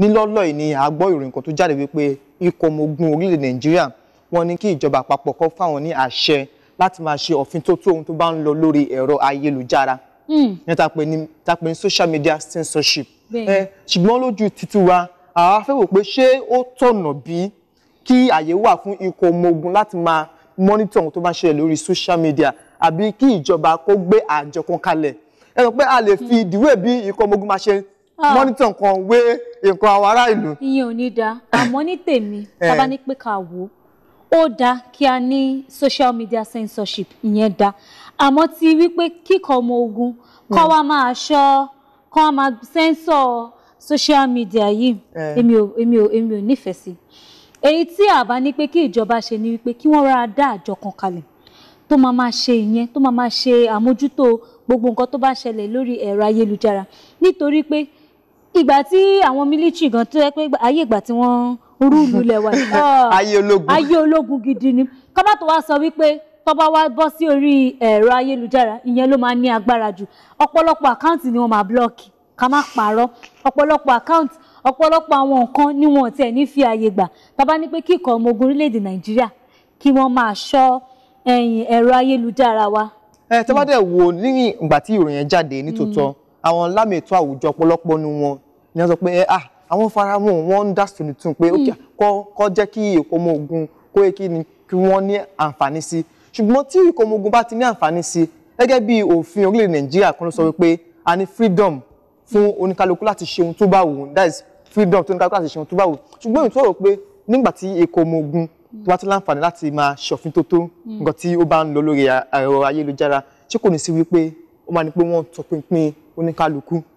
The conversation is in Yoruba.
nílọ́lọ́ yìí ni a gbọ́ ìròyìn kan tó jáde wípé ikọ̀ ọmọ ogun orílẹ̀ nàìjíríà wọ́n ní kí ìjọba àpapọ̀ kó fáwọn ní àṣẹ láti máa ṣe òfin tó tó ohun tó bá ń lọ lórí ẹ̀rọ ayélujára hmm. ní tàpé ní social media censorship ṣùgbọ́n lójú títí wa àwa fẹ́ wò pé ṣé ó tọ̀nà bí kí àyè wà fún ikọ̀ ogun láti máa mọ́nítọ̀ ohun tó bá ń ṣẹlẹ̀ lórí social media àbí kí ìjọba kó gbé àjọ kan kalẹ̀ ẹ pé a lè fi ìdíwé bí ikọ̀ ogun máa ṣe Ah. mọ́nítọ̀ nǹkan wé nǹkan àwọn ará ìlú. ìyẹn ò ní da àmọ́ ní tèmi bàbá eh. ní pé ká wò ó da kí a ní social media censorship ìyẹn da àmọ́ ti wípé kíkọ ọmọ ogun kọ́ hmm. wa máa ṣọ́ kọ́ wa máa censor social media yìí eh. èmi ò èmi ò èmi ò nífẹ̀ẹ́ sí èyí tí àbá ní pé kí ìjọba ṣe ni wípé kí wọ́n rárá dá àjọ kan kalẹ̀ tó máa máa ṣe ìyẹn tó máa máa ṣe àmójútó gbogbo nǹkan tó bá ṣẹlẹ̀ lórí ẹ̀rọ ayélujára nítorí pé ìgbà tí àwọn mílítì gan tó yẹ pé ayé ìgbà tí wọ́n rúùlù lẹ́wà ayé ológun ayé ológun gidi ni kọ́mọ́ tó wá sọ wípé tó bá wá bọ́ sí orí eh, ẹ̀rọ ayélujára ìyẹn ló máa ní agbára jù ọ̀pọ̀lọpọ̀ àkáǹtì ni wọ́n máa blọ́ọ̀kì ká má parọ́ ọ̀pọ̀lọpọ̀ àkáǹtì ọ̀pọ̀lọpọ̀ àwọn nǹkan ni wọn tiẹ̀ ní fi ààyè gbà tá ní pé kíkọ ọmọ ogun orílẹ̀-èdè nàìjíríà kí wọ́n máa ṣọ́ ẹ̀rọ ayélujára wa. ẹ eh, tó bá hmm. dẹ̀ wò ní ìgbà tí ìròyìn jáde nítòótọ́ hmm. àwọn lámì ètò àwùjọ ọ̀pọ̀lọpọ̀ ni wọn ni wọ́n sọ pé ah àwọn faramọ́ wọn ń dá sùn tún pé kọ́ hmm. jẹ́ kí ìkómọ ogun kó yẹ kí wọ́n ní àǹfààní sí ṣùgbọ́n tí ìkómọ ogun bá ti ní àǹfààní sí gẹ́gẹ́ bí òfin orílẹ̀ nàìjíríà kan ló sọ wípé a ní freedom fún oníkálukú láti ṣe ohun tó bá wù that is freedom tó oníkálukú láti ṣe ohun tó bá wù ú ṣùgbọ́n èmi tó rò pé nígbà tí ìkómọ ogun wá tó láǹfààní láti máa ṣòfin tó tó hmm. nǹkan tí ó bá ń lọ lórí ẹ̀rọ ayélujára tí kò ní sí wípé ó máa ní pé wọ́n tọpinpin oníkálukú